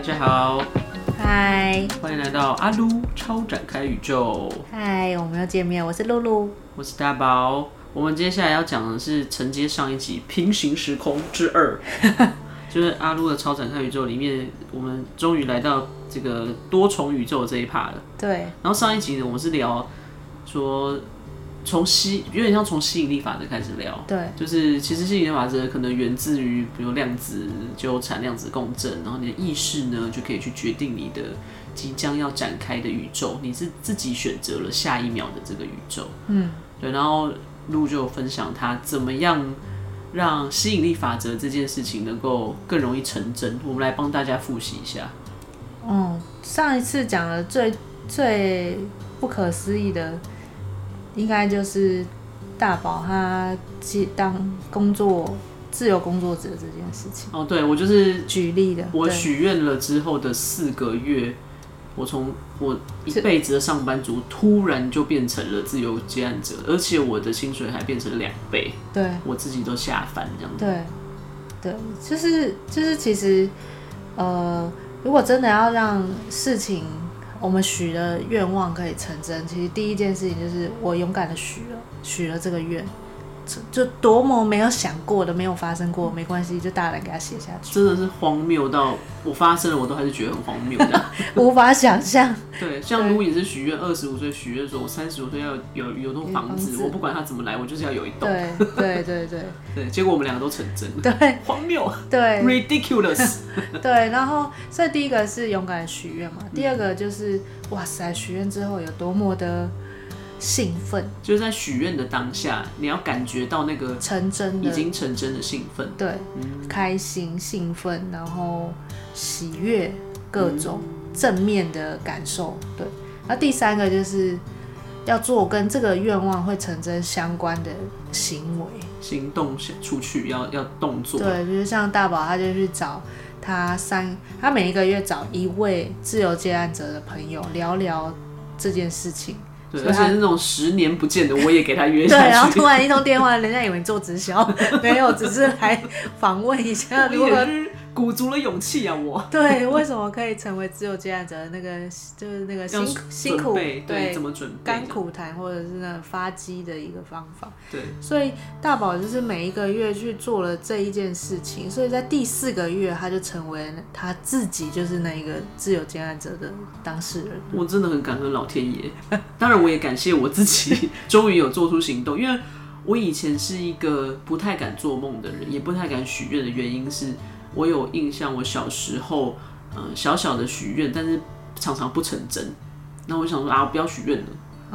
大家好，嗨 Hi，歡迎來到阿露超展開宇宙。嗨，我們又見面，我是露露，我是大寶。我們接下來要講的是承接上一集《平行時空之二》， 就是阿露的超展開宇宙裡面，我們終於來到這個多重宇宙這一趴了。對，然後上一集呢，我們是聊說。從吸，有點像從吸引力法則開始聊，對，就是其實吸引力法則可能源自於比如量子糾纏、量子共振，然後你的意識呢就可以去決定你的即將要展開的宇宙，你是自己選擇了下一秒的這個宇宙，嗯，對，然後 Ru 就分享他怎麼樣讓吸引力法則這件事情能夠更容易成真，我們來幫大家複習一下。嗯，上一次講了最最不可思議的。應該就是大寶他當工作自由工作者這件事情哦，對，我就是舉例的。我許願了之後的四個月，對我從我一輩子的上班族突然就變成了自由接案者，是而且我的薪水還變成兩倍。對，我自己都嚇翻這樣子。對，對，就是就是，其實呃，如果真的要讓事情。我們許的願望可以成真，其實第一件事情就是我勇敢的許了，許了這個願。就多麼沒有想過的，沒有發生過，沒關係，就大膽給他寫下去。真的是荒謬到我發生了，我都還是覺得很荒謬的， 無法想象。對，像 Ru 也是許願，二十五歲許願說，我三十五歲要有有棟房子，房子我不管他怎麼來，我就是要有一棟。對對對對，結果我們兩個都成真了。對，荒謬。對，ridiculous。 對，然後所以第一個是勇敢許願嘛，第二個就是、嗯、哇塞，許願之後有多麼的。興奮，就是在許願的當下，你要感覺到那個成真的，成真的，已經成真的興奮。對，嗯、開心、興奮，然後喜悅，各種正面的感受。嗯、對。那第三個就是要做跟這個願望會成真相關的行為、行動，出去要要動作。對，比如，就是像大寶，他就去找他三，他每一個月找一位自由接案者的朋友聊聊這件事情。對而且是那種十年不見的，我也給他約下去。對，然後突然一通電話， 人家以為你做直銷，沒有，只是來訪問一下如何。鼓足了勇氣啊！我對為什麼可以成為自由接案者，那個就是那個辛辛苦對，對，怎麼準備甘苦談或者是那種發跡的一個方法。對，所以大寶就是每一個月去做了這一件事情，所以在第四個月他就成為他自己，就是那一個自由接案者的當事人。我真的很感恩老天爺，當然我也感謝我自己，終於有做出行動。因為我以前是一個不太敢做夢的人，也不太敢許願的原因是。我有印象，我小時候，嗯、呃，小小的許願，但是常常不成真。那我想說啊，我不要許願了。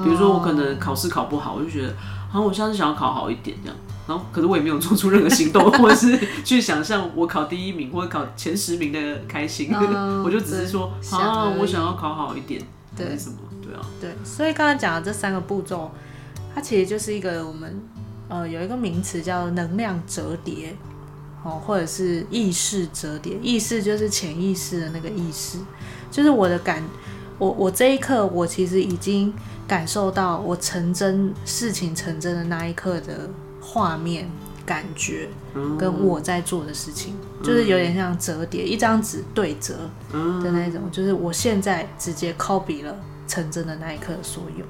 比如說我可能考試考不好，我就覺得，好、啊、像我下次想要考好一點這樣。然後，可是我也沒有做出任何行動， 或者是去想象我考第一名或者考前十名的開心。嗯、 我就只是說，好，我想要考好一點。對什麼？對啊。對，所以剛才講的這三個步驟，它其實就是一個我們呃有一個名詞叫能量折疊。哦，或者是意識折疊，意識就是潛意識的那個意識，就是我的感，我我這一刻，我其實已經感受到我成真事情成真的那一刻的畫面感覺，跟我在做的事情，嗯、就是有點像折疊、嗯、一張紙對折的那種，嗯、就是我現在直接 copy 了成真的那一刻所有。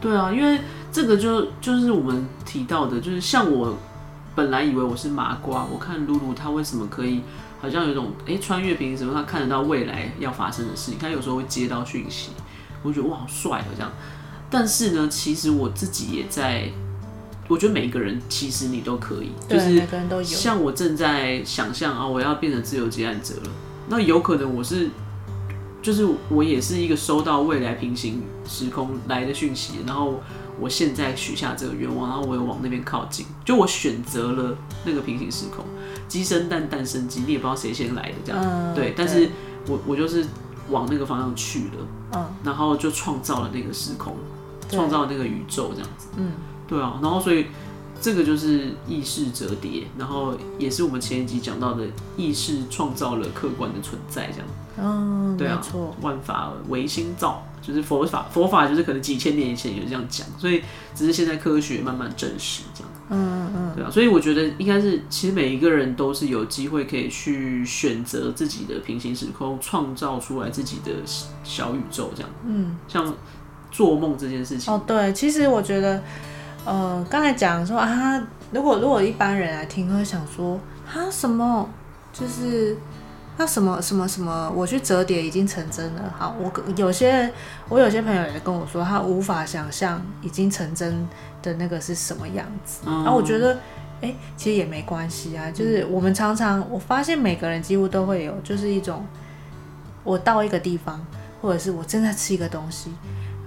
對啊，因為這個就就是我們提到的，就是像我。本來以為我是麻瓜，我看露露她為什麼可以，好像有一種哎、欸、穿越平行什麼，她看得到未來要發生的事情，她有時候會接到訊息，我覺得哇好帥好像。但是呢，其實我自己也在，我覺得每一個人其實你都可以，對就是像我正在想象啊、哦，我要變成自由接案者了，那有可能我是，就是我也是一個收到未來平行時空來的訊息，然後。我現在許下這個願望，然後我又往那邊靠近，就我選擇了那個平行時空，雞生蛋，蛋生雞，你也不知道誰先來的這樣子，嗯、對。對但是我，我我就是往那個方向去了，嗯、然後就創造了那個時空，創對造了那個宇宙這樣子，嗯，對啊。然後所以這個就是意識折疊，然後也是我們前一集講到的意識創造了客觀的存在這樣子，嗯，對啊，錯萬法唯心造。就是佛法，佛法就是可能幾千年以前也是這樣講，所以只是現在科學慢慢證實這樣。嗯嗯嗯，嗯對啊，所以我覺得應該是，其實每一個人都是有機會可以去選擇自己的平行時空，創造出來自己的小宇宙這樣。嗯，像做夢這件事情。哦，對，其實我覺得，呃，剛才講說啊，如果如果一般人來聽，會想說啊什麼就是。那什麼什麼什麼，我去折疊已經成真了。好，我有些我有些朋友也跟我說，他無法想象已經成真的那個是什麼樣子。嗯。然後我覺得，哎、欸，其實也沒關係啊。就是我們常常我發現每個人幾乎都會有，就是一種我到一個地方，或者是我正在吃一個東西，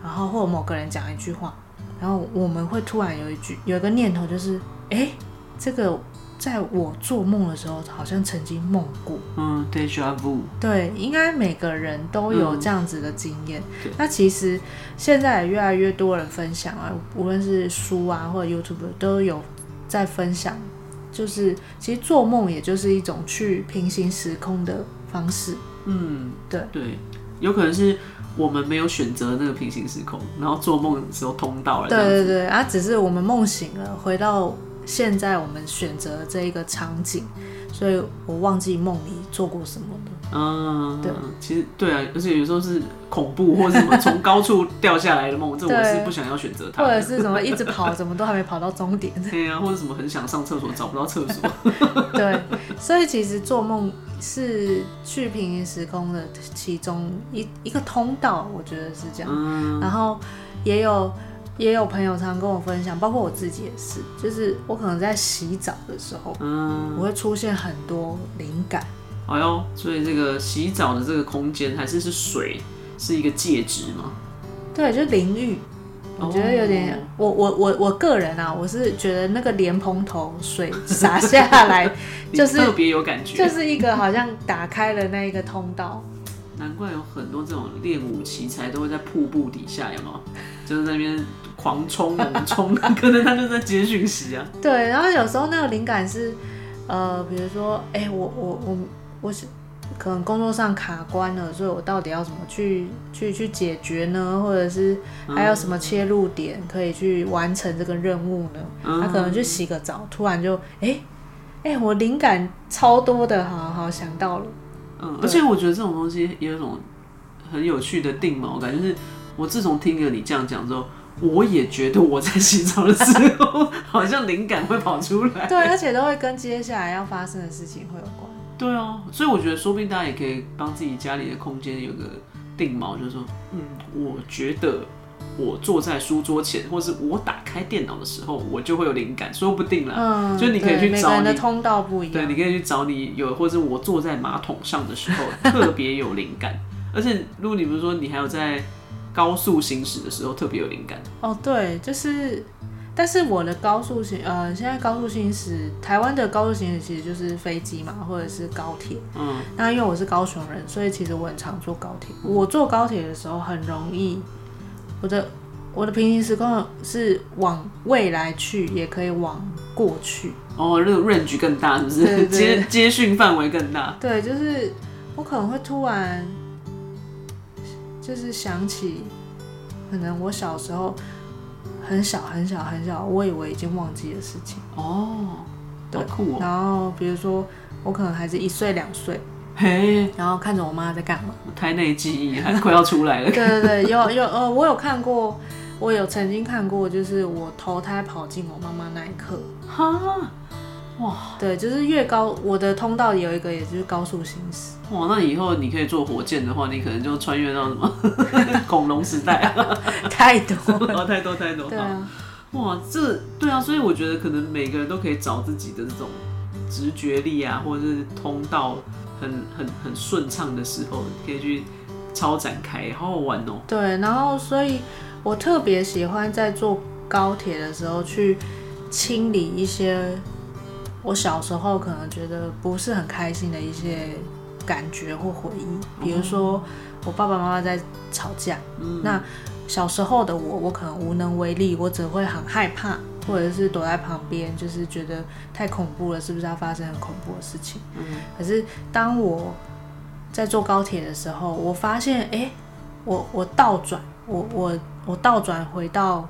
然後或者某個人講一句話，然後我們會突然有一句有一個念頭，就是哎、欸，這個。在我做夢的時候，好像曾經夢過。嗯，déjà vu。對，應該每個人都有這樣子的經驗。嗯、那其實現在也越來越多人分享啊，無論是書啊，或者 YouTube 都有在分享。就是其實做夢也就是一種去平行時空的方式。嗯，對對，有可能是我們沒有選擇那個平行時空，然後做夢的時候通道來。對對對，啊，只是我們夢醒了，回到。現在我們選擇這個場景，所以我忘記夢裡做過什麼的。嗯，對，其實對啊，而且有時候是恐怖或者什麼從高處掉下來的夢， 這我是不想要選擇它。或者是什麼一直跑，怎麼都還沒跑到終點。對啊，或者什麼很想上廁所，找不到廁所。 對，所以其實做夢是去平行時空的其中一一個通道，我覺得是這樣。嗯，然後也有。也有朋友常跟我分享，包括我自己也是，就是我可能在洗澡的時候，嗯，我會出現很多靈感。哎呦，所以這個洗澡的這個空間還是是水是一個介質嗎？對，就淋浴。我覺得有點，哦、我我我我個人啊，我是覺得那個蓮蓬頭水灑下來，就是 特別有感覺，就是一個好像打開了那一個通道。難怪有很多這種練武奇才都會在瀑布底下，有沒有？就是那邊。狂沖猛沖，可能他就在接訊息啊。對，然後有時候那個靈感是，呃，比如說，哎、欸，我我我我是可能工作上卡關了，所以我到底要怎麼去去去解決呢？或者是還有什麼切入點可以去完成這個任務呢？他、嗯啊、可能去洗個澡，突然就，哎、欸、哎、欸，我靈感超多的，好好想到了。嗯。對而且我覺得這種東西也有一種很有趣的定錨感覺，是我自從聽了你這樣講之後。我也覺得我在洗澡的時候，好像靈感會跑出來。對，而且都會跟接下來要發生的事情會有關。對啊，所以我覺得，說不定大家也可以幫自己家裡的空間有個定錨，就是說，嗯，我覺得我坐在書桌前，或是我打開電腦的時候，我就會有靈感，說不定啦。嗯，就你可以去找。每個人的通道不一樣。對，你可以去找你有，或者我坐在馬桶上的時候特別有靈感。而且，如果你比如說，你還有在。高速行駛的時候特別有靈感哦，對，就是，但是我的高速行，呃，現在高速行駛，台灣的高速行駛其實就是飛機嘛，或者是高鐵，嗯，那因為我是高雄人，所以其實我很常坐高鐵。我坐高鐵的時候很容易，我的我的平行時空是往未來去，也可以往過去。哦，這、那個 range 更大，是不是？對對對，接接訊範圍更大？對，就是我可能會突然。就是想起，可能我小時候很小很小很小，我以為已經忘記的事情哦，對，酷。然後比如說，我可能還是一歲兩歲，嘿，然後看着我媽在幹嘛？胎內記憶還是快要出來了。對對對，有有呃，我有看過，我有曾經看過，就是我投胎跑進我媽媽那一刻。哇，對，就是越高，我的通道有一個，也就是高速行駛。哇，那以後你可以坐火箭的話，你可能就穿越到什麼 恐龍時代啊？ 太多了，太多，太多太多。對啊，哇，這個、對啊，所以我覺得可能每個人都可以找自己的這種直覺力啊，或者是通道很很很順暢的時候，可以去超展開，好好玩哦。對，然後所以，我特別喜歡在坐高鐵的時候去清理一些。我小時候可能覺得不是很開心的一些感覺或回憶，比如說我爸爸媽媽在吵架，嗯，那小時候的我，我可能無能為力，我只會很害怕，或者是躲在旁邊，就是覺得太恐怖了，是不是要發生很恐怖的事情？嗯，可是當我在坐高鐵的時候，我發現，誒，我我倒轉，我我我倒轉回到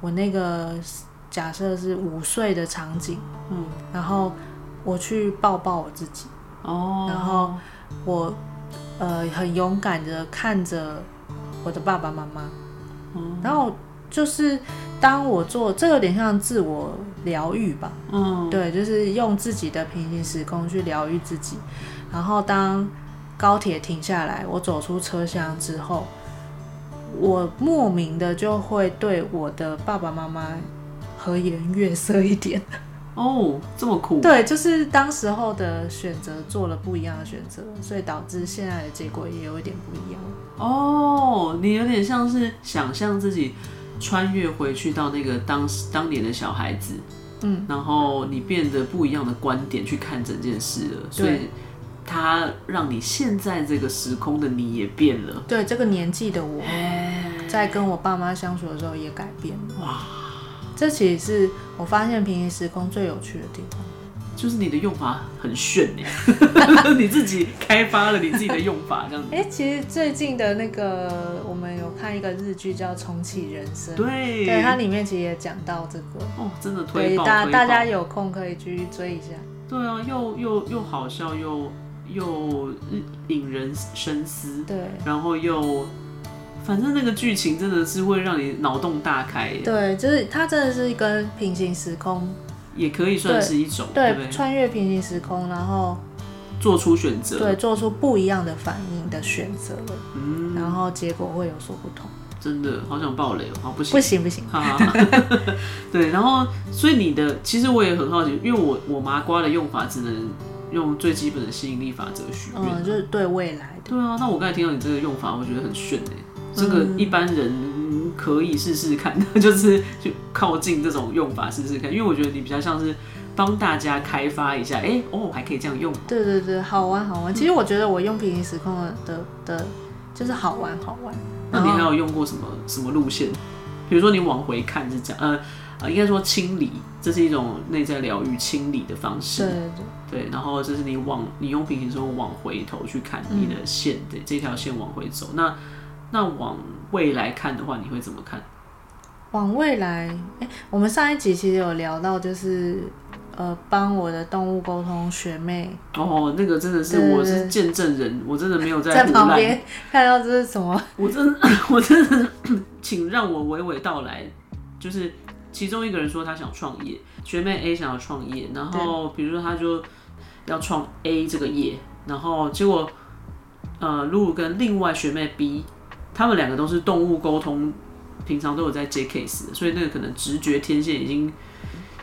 我那個。假設是五歲的場景，嗯，然後我去抱抱我自己，哦，然後我呃很勇敢的看着我的爸爸媽媽，嗯，然後就是當我做這有點像自我療癒吧，嗯，對，就是用自己的平行時空去療癒自己，然後當高鐵停下來，我走出車廂之後，我莫名的就會對我的爸爸媽媽。和顏悅色一點哦，oh, 這麼酷？對，就是當時候的選擇做了不一樣的選擇，所以導致現在的結果也有一點不一樣哦。Oh, 你有點像是想象自己穿越回去到那個當當年的小孩子，嗯，然後你變得不一樣的觀點去看整件事了，對所以它讓你現在這個時空的你也變了。對，這個年紀的我 Hey. 在跟我爸媽相處的時候也改變了。哇。這其實是我發現平行時空最有趣的地方，就是你的用法很炫哎、欸， 你自己開發了你自己的用法這樣。哎、欸，其實最近的那個我們有看一個日劇叫《重啟人生》，對，對，它裡面其實也講到這個。哦，真的推爆，對，大家大家有空可以去追一下。對啊，又又又好笑，又又引人深思。對，然後又。反正那個劇情真的是會讓你腦洞大開，對，就是它真的是跟平行時空，也可以算是一種對，對，對，對穿越平行時空，然後做出選擇，對，做出不一樣的反應的選擇，嗯，然後結果會有所不同。真的好想暴雷哦、喔！啊、不，行不行，不行，不行。對，然後所以你的，其實我也很好奇，因為我我麻瓜的用法只能用最基本的吸引力法則許願，嗯，就是對未來的。對啊，那我剛才聽到你這個用法，我覺得很炫這個一般人可以試試看的，嗯、 就是就靠近這種用法試試看，因為我覺得你比較像是幫大家開發一下，哎哦，還可以這樣用，哦。對對對，好玩好玩。其實我覺得我用平行時空的的、的，就是好玩好玩。那你還有用過什麼什麼路線？比如說你往回看是這樣，呃、呃應該說清理，這是一種內在療癒清理的方式。對對、對、對然後就是你往你用平行時空往回頭去看你的線、嗯、對這條線往回走，那。那往未來看的話，你會怎麼看？往未來、欸，我們上一集其實有聊到，就是呃，幫我的動物溝通學妹哦，那個真的是我是見證人，呃、我真的沒有在，在旁邊看到這是什麼，我真的我真的， 請讓我娓娓道來，就是其中一個人說他想創業，學妹 A 想要創業，然後比如說他就要創 A 這個業，然後結果對呃，露露跟另外學妹 B。他們兩個都是動物溝通，平常都有在接 case，所以那個可能直覺天線已經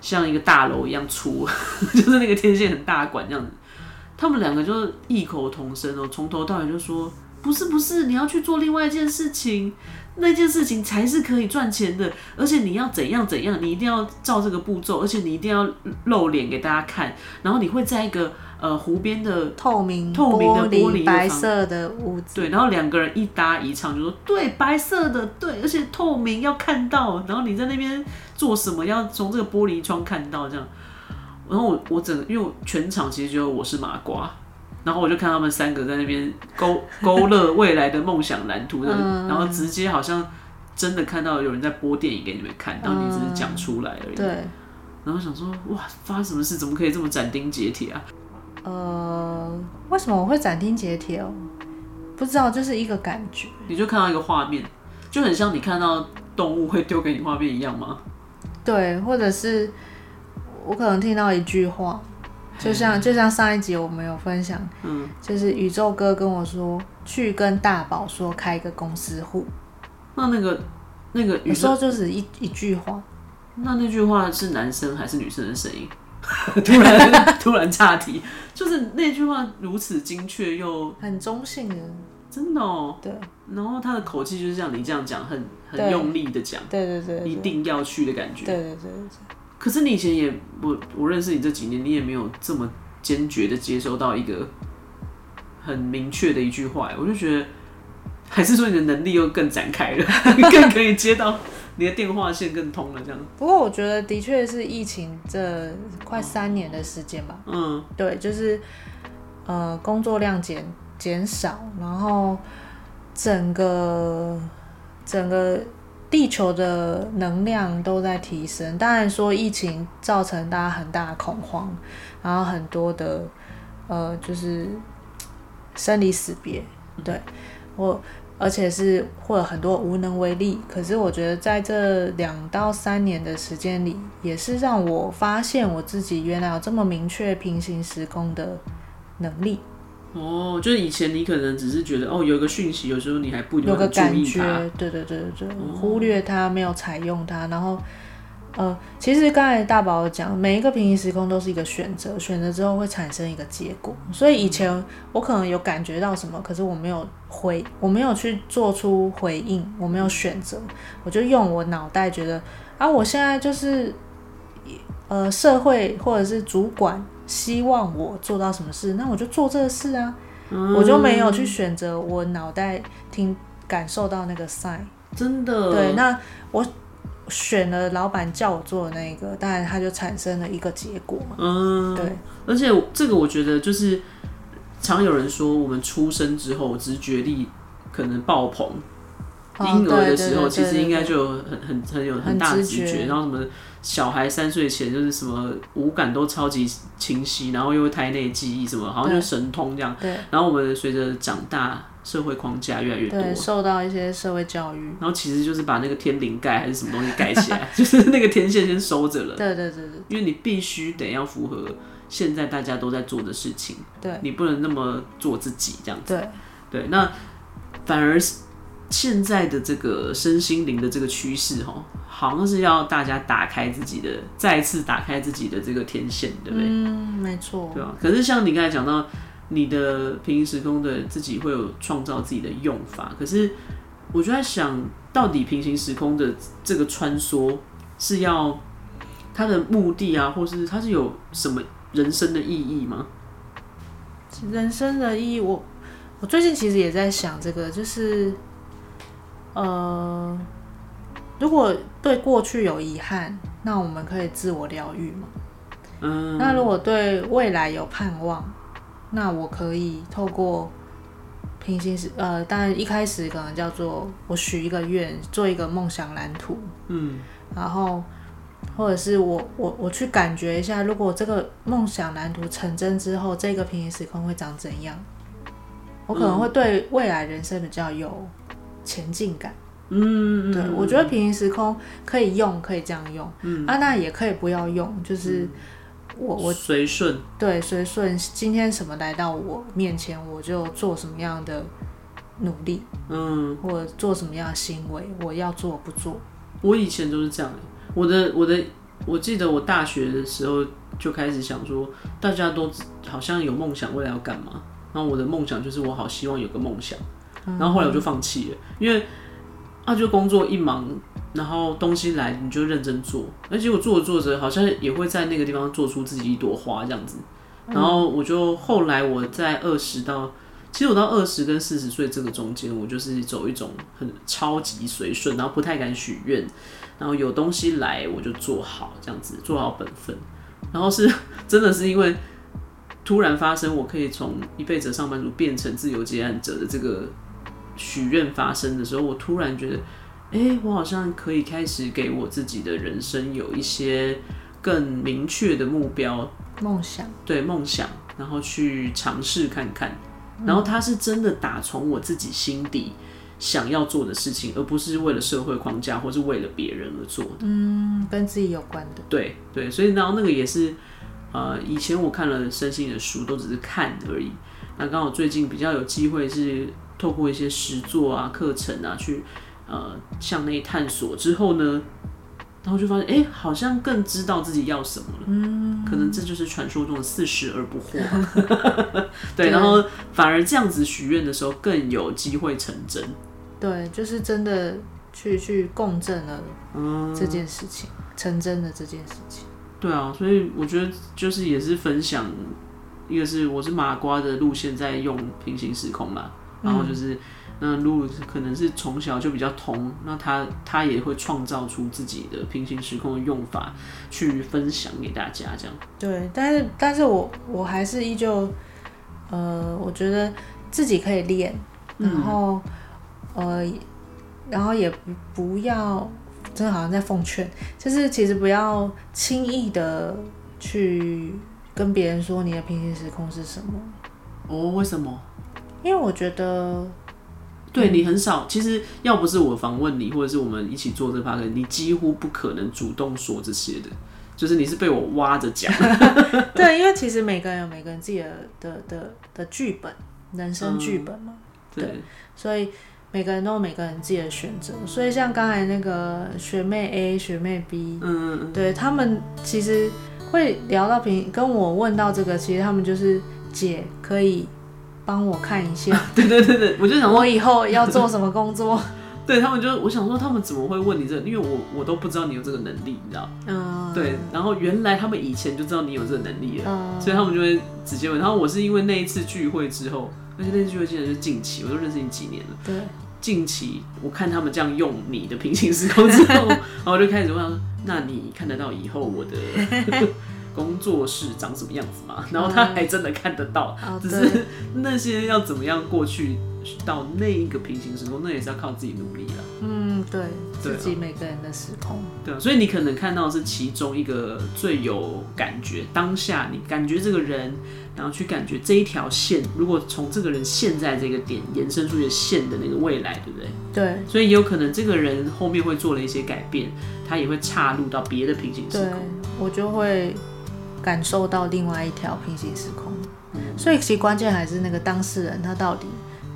像一個大樓一樣粗，就是那個天線很大管這樣子。他們兩個就異口同聲哦，從頭到尾就說，不是不是，你要去做另外一件事情，那件事情才是可以賺錢的，而且你要怎樣怎樣，你一定要照這個步驟，而且你一定要露臉給大家看，然後你會在一個。呃，湖邊的透明透明的玻璃白色的屋子，對，然後兩個人一搭一唱，就說對白色的，對，而且透明要看到，然後你在那邊做什麼，要從這個玻璃窗看到這樣。然後我我整個，因為我全場其實只有我是麻瓜，然後我就看他們三個在那邊勾勾勒未來的夢想藍圖， 然後直接好像真的看到有人在播電影給你們看，當 你只是講出來而已。嗯、對，然後想說哇，發什麼事？怎麼可以這麼斬釘截鐵啊？呃，為什麼我會斬釘截鐵哦、喔？不知道，就是一個感覺。你就看到一個畫面，就很像你看到動物會丟給你畫面一樣嗎？對，或者是我可能聽到一句話，就像嘿就像上一集我們有分享，嗯，就是宇宙哥跟我說去跟大寶說開一個公司戶。那那個那個宇宙就是一一句話。那那句話是男生還是女生的聲音？ 突然 突然岔題，就是那句話如此精確又很中性，啊，真的哦。對，然後他的口氣就是像你這樣講很很用力的講，對對對，對對對，一定要去的感覺。對對對，對。可是你以前也我我認識你這幾年，你也沒有這麼堅決的接收到一個很明確的一句話，我就覺得還是說你的能力又更展開了， 更可以接到。你的電話線更通了，這樣。不過我覺得的確是疫情這快三年的時間吧。嗯，對，就是，呃，工作量減減少，然後整個整個地球的能量都在提升。當然說疫情造成大家很大的恐慌，然後很多的呃，就是生離死別。對我。而且是會有很多無能為力，可是我覺得在這兩到三年的時間裡，也是讓我發現我自己原來有這麼明確平行時空的能力。哦，就是以前你可能只是覺得哦，有一個訊息，有時候你還不注意它，有個感覺，對對對，忽略它，沒有採用它，然後。呃，其實剛才大寶講，每一個平行時空都是一個選擇，選擇之後會產生一個結果。所以以前我可能有感覺到什麼，可是我沒有回，我沒有去做出回應，我沒有選擇，我就用我腦袋覺得，啊，我現在就是，呃，社會或者是主管希望我做到什麼事，那我就做這個事啊，嗯，我就沒有去選擇。我腦袋聽感受到那個 sign，真的，對，那我。選了老闆叫我做的那個，當然他就產生了一個結果嘛，嗯，對。而且這個我覺得就是，常有人說我們出生之後直覺力可能爆棚。嬰兒的時候，其實應該就很很很有很大的直覺，然後什麼小孩三歲前就是什麼五感都超級清晰，然後又胎內記憶什麼，好像就神通這樣。對。然後我們隨着長大，社會框架越來越多，對，受到一些社會教育，然後其實就是把那個天靈蓋還是什麼東西蓋起來， 就是那個天線先收着了。對對對對。因為你必須得要符合現在大家都在做的事情，對，你不能那麼做自己這樣子。對對，那反而是。現在的這個身心靈的這個趨勢，哦，好像是要大家打開自己的，再次打開自己的這個天線，對不對？嗯，沒錯。對啊，可是像你剛才講到，你的平行時空的自己會有創造自己的用法。可是，我就在想，到底平行時空的這個穿梭是要它的目的啊，或是它是有什麼人生的意義嗎？人生的意義我，我我最近其實也在想這個，就是。呃，如果對過去有遺憾，那我們可以自我療癒嘛。嗯。那如果對未來有盼望，那我可以透過平行時呃，當然一開始可能叫做我許一個願，做一個夢想藍圖。嗯。然後，或者是我我我去感覺一下，如果這個夢想藍圖成真之後，這個平行時空會長怎樣？我可能會對未來人生比較有。前進感，嗯，對，我覺得平行時空可以用，可以這樣用，嗯啊，那也可以不要用，就是我、嗯、我隨順，對隨順，今天什麼來到我面前，我就做什麼樣的努力，嗯，我做什麼樣的行為，我要做不做。我以前都是這樣的，我的我的，我記得我大學的時候就開始想說，大家都好像有夢想，未來要幹嘛？那我的夢想就是，我好希望有個夢想。然後後來我就放棄了，因為啊就工作一忙，然後東西來你就認真做，而且我做着做着好像也會在那個地方做出自己一朵花這樣子。然後我就後來我在二十到，其實我到二十跟四十歲這個中間，我就是走一種很超級隨順，然後不太敢許願，然後有東西來我就做好這樣子，做好本分。然後是真的是因為突然發生，我可以從一輩子上班族變成自由接案者的這個。許願發生的時候，我突然覺得，哎、欸，我好像可以開始給我自己的人生有一些更明確的目標、夢想。對，夢想，然後去嘗試看看。然後他是真的打從我自己心底想要做的事情，嗯、而不是為了社會框架或是為了別人而做的。嗯，跟自己有關的。對對，所以然後那個也是，呃，以前我看了身心的書都只是看而已。那剛好最近比較有機會是。透過一些實作啊、課程啊，去呃向內探索之後呢，然後就發現哎、欸，好像更知道自己要什麼了。嗯，可能這就是傳說中的四十而不惑。對， 對對然後反而這樣子許願的時候，更有機會成真。對，就是真的去去共振了這件事情，呃、成真的這件事情。對啊，所以我覺得就是也是分享，一個是我是麻瓜的路線，在用平行時空嘛。然後就是，那啊 Ru 可能是從小就比較通，那他他也會創造出自己的平行時空的用法去分享給大家，這樣。對，但是但是我我還是依舊，呃，我覺得自己可以練，然後、嗯、呃，然後也不要，真的好像在奉勸，就是其實不要輕易的去跟別人說你的平行時空是什麼。哦，為什麼？因為我覺得，對、嗯、你很少。其實要不是我訪問你，或者是我們一起做這 p 你幾乎不可能主動說這些的。就是你是被我挖着講。 對， 因為其實每個人有每個人自己的的的的劇本，人生劇本嘛。嗯、對，對所以每個人都有每個人自己的選擇。所以像剛才那個學妹 A、學妹 B，嗯嗯嗯，對他們其實會聊到平跟我問到這個，其實他們就是姐可以。幫我看一下， 對對對對，我就想我以後要做什麼工作？ 對他們就我想說，他們怎麼會問你這個？因為我我都不知道你有這個能力，你知道？嗯，對。然後原來他們以前就知道你有這個能力了，嗯、所以他們就會直接問。然後我是因為那一次聚會之後，而且那次聚會真的是近期，我都認識你幾年了。對，近期我看他們這樣用你的平行時空之後，然後我就開始問他說：“那你看得到以後我的？” 工作室長什麼樣子嘛。然後他還真的看得到，嗯哦、只是那些要怎麼樣過去到那一個平行時空，那也是要靠自己努力了。嗯，對、對、啊，自己每個人的時空。對、啊，所以你可能看到的是其中一個最有感覺，當下你感覺這個人，然後去感覺這一條線，如果從這個人現在這個點延伸出去線的那個未來，對不對？對。所以有可能這個人後面會做了一些改變，他也會岔入到別的平行時空。對我就會。感受到另外一條平行時空，所以其實關鍵還是那個當事人，他到底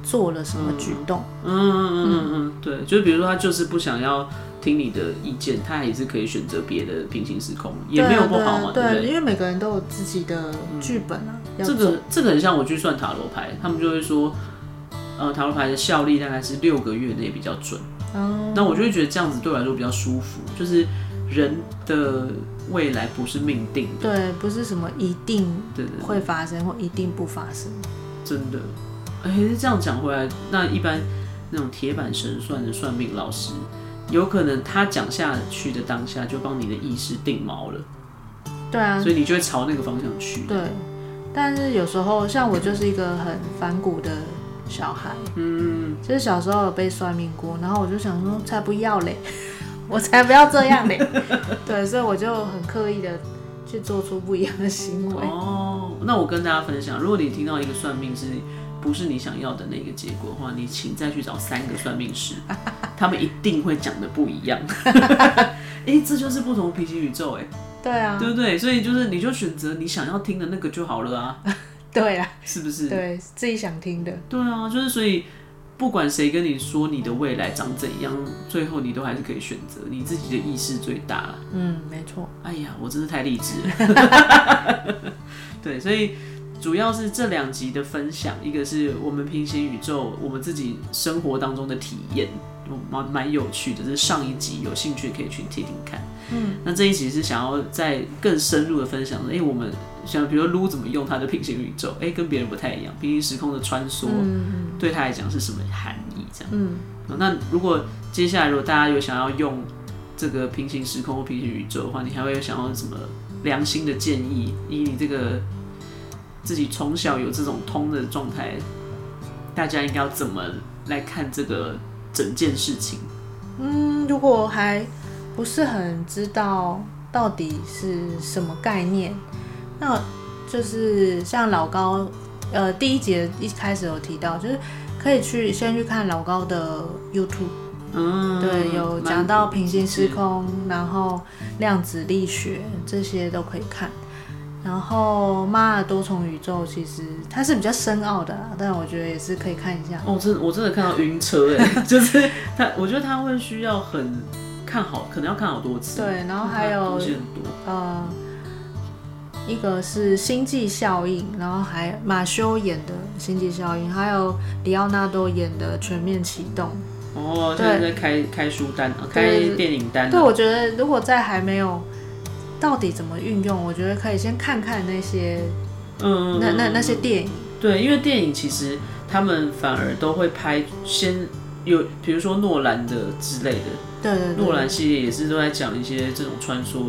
做了什麼舉動嗯。嗯嗯嗯嗯，嗯嗯對，就是比如說他就是不想要聽你的意見，他也是可以選擇別的平行時空，也沒有不好嘛，對不對？因為每個人都有自己的劇本啊。嗯、做。這個這個很像我去算塔羅牌，他們就會說，呃，塔羅牌的效力大概是六個月內比較準。啊、嗯，那我就會覺得這樣子對我來說比較舒服，就是。人的未來不是命定的，對，不是什麼一定會發生或一定不發生，對對對，真的，還、欸、是這樣講回來，那一般那種鐵板神算的算命老師，有可能他講下去的當下就幫你的意識定錨了。對啊，所以你就會朝那個方向去。對，但是有時候像我就是一個很反骨的小孩，嗯，就是小時候有被算命過，然後我就想說才不要嘞。我才不要這樣呢。對，所以我就很刻意的去做出不一樣的行為。 哦，那我跟大家分享，如果你聽到一個算命師不是你想要的那個結果的話，你請再去找三個算命師， 他們一定會講的不一樣。哎， 這就是不同平行宇宙哎。對啊，對不對？所以就是你就選擇你想要聽的那個就好了啊。 對啊，是不是？對，自己想聽的。對啊，就是所以。不管誰跟你說你的未來長怎樣，最後你都還是可以選擇你自己的意識最大了。嗯，沒錯。哎呀，我真的太勵志了。 對，所以主要是這兩集的分享，一個是我們平行宇宙，我們自己生活當中的體驗，蠻蠻有趣的。就是上一集有興趣可以去聽聽看。嗯，那這一集是想要再更深入的分享，哎、欸，我們。像比如說，Ru 怎麼用它的平行宇宙？哎、欸，跟別人不太一樣，平行時空的穿梭，嗯、對他來講是什麼含義？這樣。嗯。那如果接下來，如果大家有想要用這個平行時空或平行宇宙的話，你還會有想要什麼良心的建議？以你這個自己從小有這種通的狀態，大家應該要怎麼來看這個整件事情？嗯，如果還不是很知道到底是什麼概念？那我就是像老高，呃，第一集一開始有提到，就是可以去先去看老高的 YouTube，嗯，對，有講到平行時空，嗯、然後量子力學這些都可以看。然後媽的多重宇宙其實它是比較深奧的，啊，但我覺得也是可以看一下。哦，真我真的看到暈車哎、欸， 就是他，我覺得他會需要很看好，可能要看好多次。對，然後還有， 東西很多，呃。一個是星際效應，然後還馬修演的星際效應，還有李奧納多演的全面啟動。哦，對，在開開書單，對開電影單。對，好對，我覺得如果在還沒有到底怎麼運用，我覺得可以先看看那些，嗯，那那那些電影。對，因為電影其實他們反而都會拍，先有比如說諾蘭的之類的，對對對，諾蘭系列也是都在講一些這種穿梭。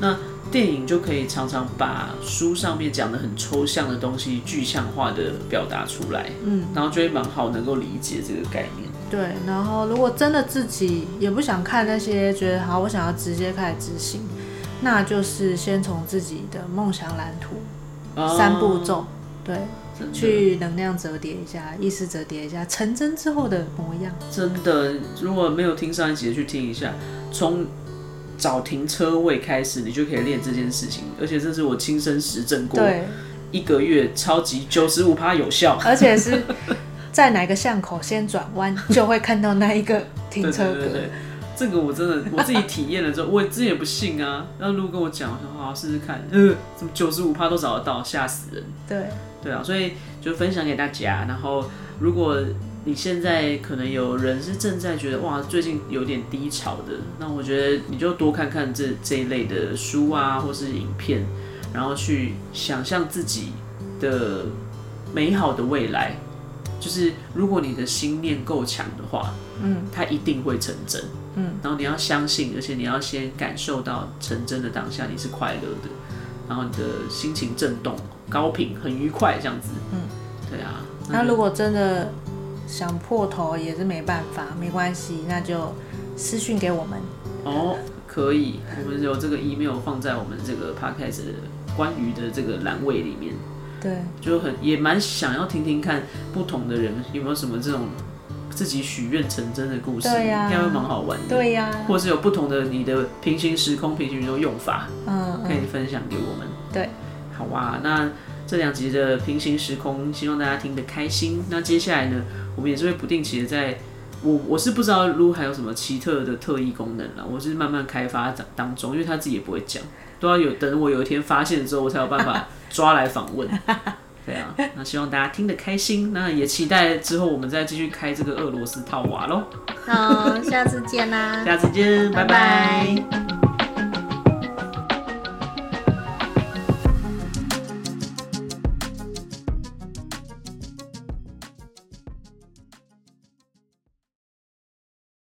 那電影就可以常常把書上面講得很抽象的東西具象化的表達出來，嗯，然後就會蠻好能夠理解這個概念。對，然後如果真的自己也不想看那些，覺得好，我想要直接開始執行，那就是先從自己的夢想藍圖，三步驟，啊、對，的去能量折疊一下，意識折疊一下，成真之後的模樣。真的，如果沒有聽上一集的，去聽一下，從。找停車位開始，你就可以練這件事情，而且這是我親身實證過，一個月對超級九十五趴有效，而且是在哪個巷口先轉彎，就會看到那一個停車格。 對對對對，這個我真的我自己體驗了之後，我自己也不信啊，那如果跟我講，我好、啊、試試看，嗯、呃，怎麼九十五趴都找得到，嚇死人。對對啊，所以就分享給大家，然後如果。你現在可能有人是正在覺得哇，最近有點低潮的，那我覺得你就多看看這這一類的書啊，或是影片，然後去想象自己的美好的未來。就是如果你的心念夠強的話，嗯，它一定會成真，嗯。嗯，然後你要相信，而且你要先感受到成真的當下你是快樂的，然後你的心情震動，高頻很愉快這樣子，嗯，對啊。那啊如果真的。想破頭也是沒辦法，沒關係，那就私訊給我們哦，可以，我們有這個 email 放在我們這個 podcast 關於的這個欄位裡面，對，就很也蠻想要聽聽看不同的人有沒有什麼這種自己許願成真的故事，對呀、啊，應該會蠻好玩的，對呀、啊，或是有不同的你的平行時空、平行宇宙用法，嗯，嗯，可以分享給我們，對，好哇、啊，那。這兩集的平行時空，希望大家聽得開心。那接下來呢，我們也是會不定期的在，我我是不知道 Ru 還有什麼奇特的特異功能了，我是慢慢開發當當中，因為他自己也不會講，都要有等我有一天發現之後，我才有辦法抓來訪問，對啊。那希望大家聽得開心，那也期待之後我們再繼續開這個俄羅斯套娃嘍。好、哦，下次見啦、啊， 下次見，拜拜。拜拜